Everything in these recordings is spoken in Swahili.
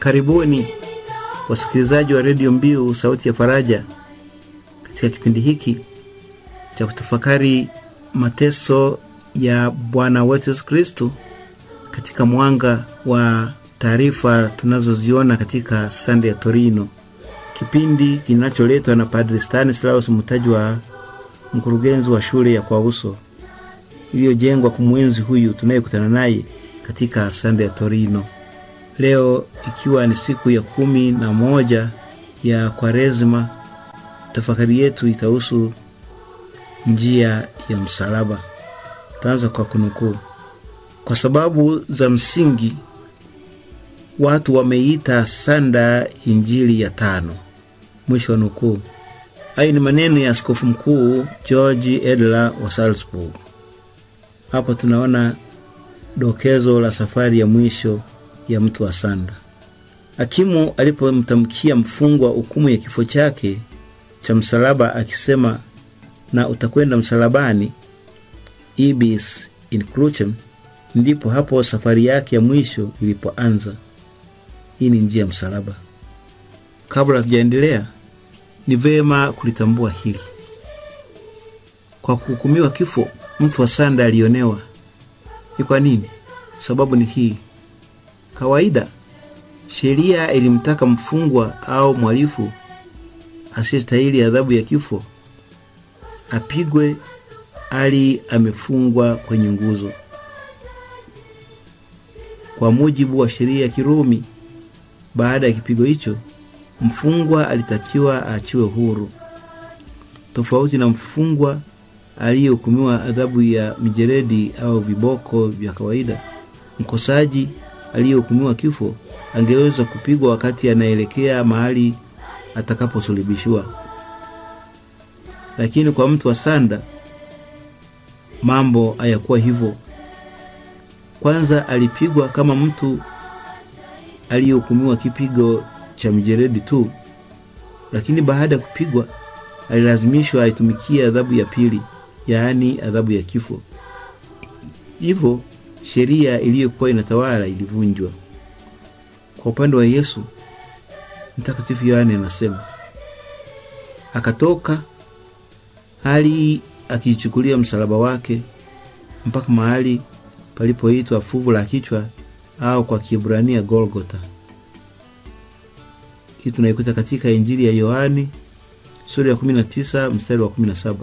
Karibuni wasikilizaji wa redio Mbiu sauti ya Faraja, katika kipindi hiki cha kutafakari mateso ya Bwana wetu Yesu Kristu katika mwanga wa taarifa tunazoziona katika Sande ya Torino, kipindi kinacholetwa na Padri Stanislaus wa mkurugenzi wa shule ya KWAUSO iliyojengwa kumwenzi huyu tunayekutana naye katika Sande ya Torino. Leo ikiwa ni siku ya kumi na moja ya kwarezma tafakari yetu itahusu njia ya msalaba. Taanza kwa kunukuu: kwa sababu za msingi watu wameita sanda Injili ya tano, mwisho wa nukuu. Hayo ni maneno ya askofu mkuu George Edler wa Salzburg. Hapo tunaona dokezo la safari ya mwisho ya mtu wa Sanda. Hakimu alipomtamkia mfungwa hukumu ya kifo chake cha msalaba akisema, na utakwenda msalabani, ibis in crucem, ndipo hapo safari yake ya mwisho ilipoanza. Hii ni njia ya msalaba. Kabla tujaendelea, ni vema kulitambua hili. Kwa kuhukumiwa kifo, mtu wa Sanda alionewa. Ni kwa nini? Sababu ni hii. Kawaida sheria ilimtaka mfungwa au mhalifu asiyestahili adhabu ya kifo apigwe ali amefungwa kwenye nguzo. Kwa mujibu wa sheria ya Kirumi, baada ya kipigo hicho mfungwa alitakiwa aachiwe huru, tofauti na mfungwa aliyehukumiwa adhabu ya mijeredi au viboko vya kawaida. Mkosaji aliyehukumiwa kifo angeweza kupigwa wakati anaelekea mahali atakaposulubishwa. lakini kwa mtu wa sanda mambo hayakuwa hivyo. Kwanza alipigwa kama mtu aliyehukumiwa kipigo cha mjeredi tu, lakini baada ya kupigwa alilazimishwa aitumikie adhabu ya pili, yaani adhabu ya kifo. Hivyo sheria iliyokuwa inatawala ilivunjwa. Kwa upande wa Yesu, Mtakatifu Yohane anasema akatoka hali akichukulia msalaba wake mpaka mahali palipoitwa fuvu la kichwa au kwa Kiebrania Golgota. Hii tunaikuta katika Injili ya Yohani sura ya 19 mstari wa 17.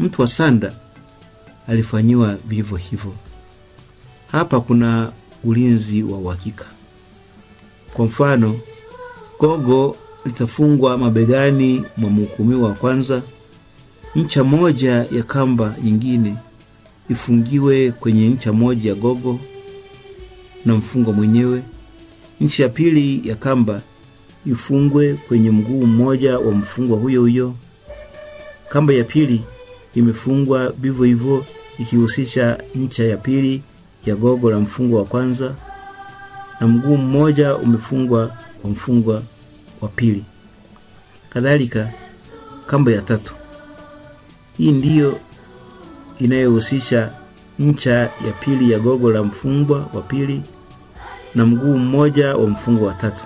Mtu wa sanda alifanyiwa vivyo hivyo. Hapa kuna ulinzi wa uhakika. Kwa mfano, gogo litafungwa mabegani mwa mhukumiwa wa kwanza, ncha moja ya kamba nyingine ifungiwe kwenye ncha moja ya gogo na mfungwa mwenyewe, ncha ya pili ya kamba ifungwe kwenye mguu mmoja wa mfungwa huyo huyo, kamba ya pili imefungwa vivyo hivyo ikihusisha ncha ya pili ya gogo la mfungwa wa kwanza na mguu mmoja umefungwa kwa mfungwa wa pili. Kadhalika kamba ya tatu, hii ndiyo inayohusisha ncha ya pili ya gogo la mfungwa wa pili na mguu mmoja wa mfungwa wa tatu.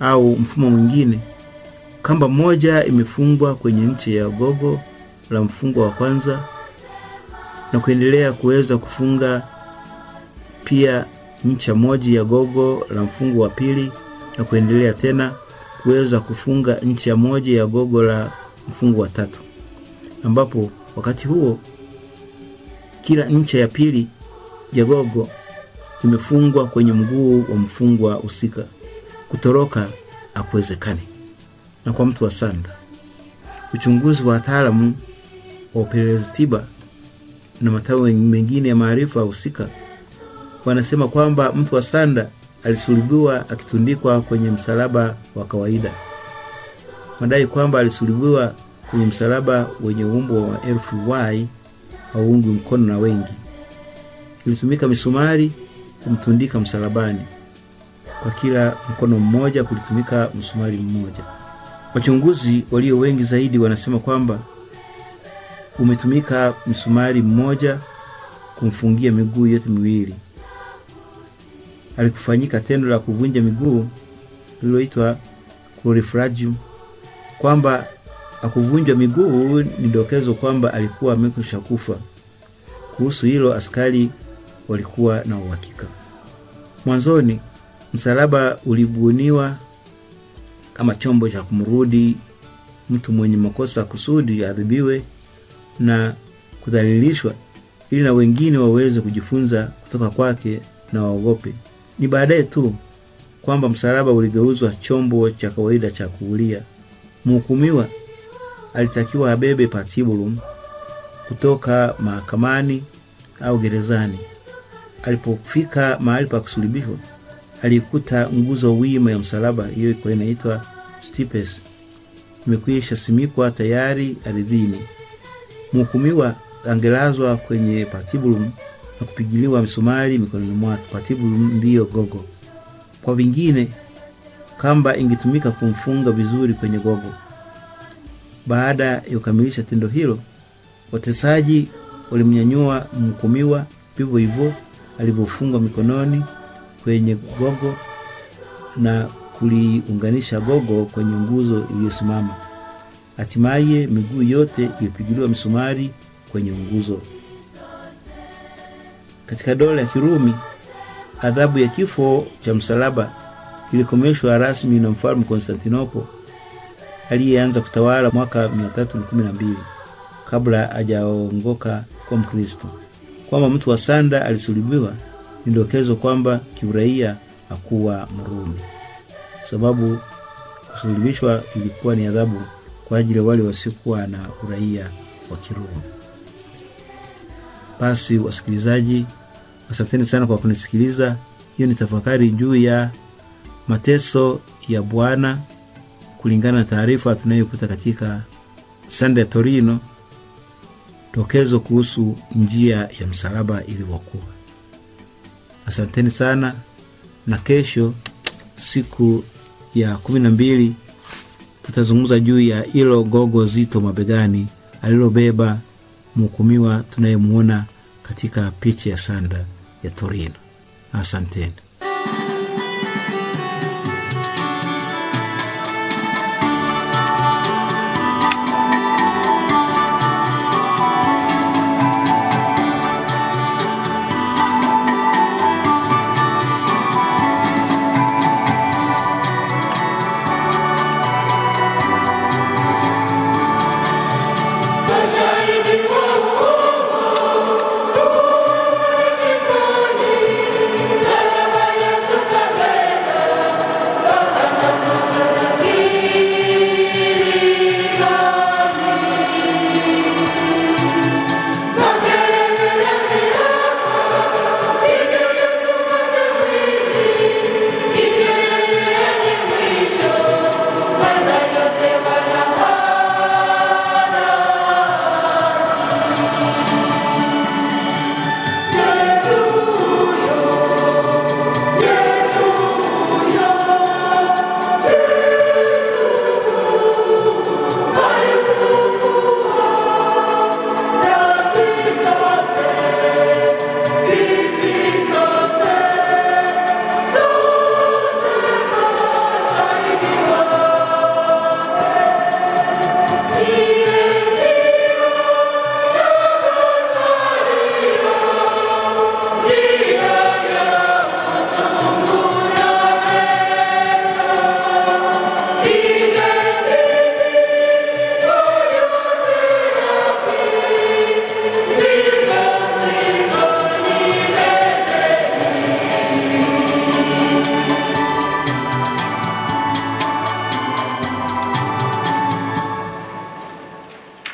Au mfumo mwingine, kamba moja imefungwa kwenye ncha ya gogo la mfungo wa kwanza na kuendelea kuweza kufunga pia ncha moja ya gogo la mfungo wa pili na kuendelea tena kuweza kufunga ncha moja ya gogo la mfungo wa tatu, ambapo wakati huo kila ncha ya pili ya gogo imefungwa kwenye mguu wa mfungwa husika. Kutoroka hakuwezekani na kwa mtu wa sanda. Uchunguzi wa wataalamu wa upelelezi tiba na matawi mengine ya maarifa husika wanasema kwamba mtu wa sanda alisulubiwa akitundikwa kwenye msalaba wa kawaida. Madai kwamba alisulubiwa kwenye msalaba wenye umbo wa elfu wai hauungwi mkono na wengi. Ilitumika misumari kumtundika msalabani, kwa kila mkono mmoja kulitumika msumari mmoja. Wachunguzi walio wengi zaidi wanasema kwamba umetumika msumari mmoja kumfungia miguu yote miwili. Alikufanyika tendo la kuvunja miguu lililoitwa Crurifragium. Kwamba akuvunjwa miguu ni dokezo kwamba alikuwa amekwisha kufa. Kuhusu hilo askari walikuwa na uhakika. Mwanzoni msalaba ulibuniwa kama chombo cha kumrudi mtu mwenye makosa kusudi adhibiwe na kudhalilishwa ili na wengine waweze kujifunza kutoka kwake na waogope. Ni baadaye tu kwamba msalaba uligeuzwa chombo cha kawaida cha kuulia. Mhukumiwa alitakiwa abebe patibulum kutoka mahakamani au gerezani. Alipofika mahali pa kusulubishwa, alikuta nguzo wima ya msalaba, hiyo ilikuwa inaitwa stipes, imekwisha simikwa tayari aridhini mhukumiwa angelazwa kwenye patibulum na kupigiliwa msumari mikononi mwake. Patibulum ndiyo gogo. Kwa vingine, kamba ingetumika kumfunga vizuri kwenye gogo. Baada ya kukamilisha tendo hilo, watesaji walimnyanyua mhukumiwa vivyo hivyo alivyofungwa mikononi kwenye gogo na kuliunganisha gogo kwenye nguzo iliyosimama. Hatimaye miguu yote ilipigiliwa msumari kwenye nguzo. Katika dola ya Kirumi, adhabu ya kifo cha msalaba ilikomeshwa rasmi na mfalme Konstantinopo aliyeanza kutawala mwaka 312 kabla hajaongoka kwa Mkristo. Kwamba mtu wa sanda alisulubiwa ni dokezo kwamba kiuraia hakuwa Mrumi, sababu kusulubishwa ilikuwa ni adhabu kwa ajili ya wale wasiokuwa na uraia wa kiroho. Basi wasikilizaji, asanteni sana kwa kunisikiliza. Hiyo ni tafakari juu ya mateso ya Bwana kulingana na taarifa tunayokuta katika Sande Torino, dokezo kuhusu njia ya msalaba ilivyokuwa. Asanteni sana, na kesho siku ya kumi na mbili tutazungumza juu ya hilo gogo zito mabegani alilobeba mhukumiwa tunayemuona katika picha ya sanda ya Torino. Asanteni.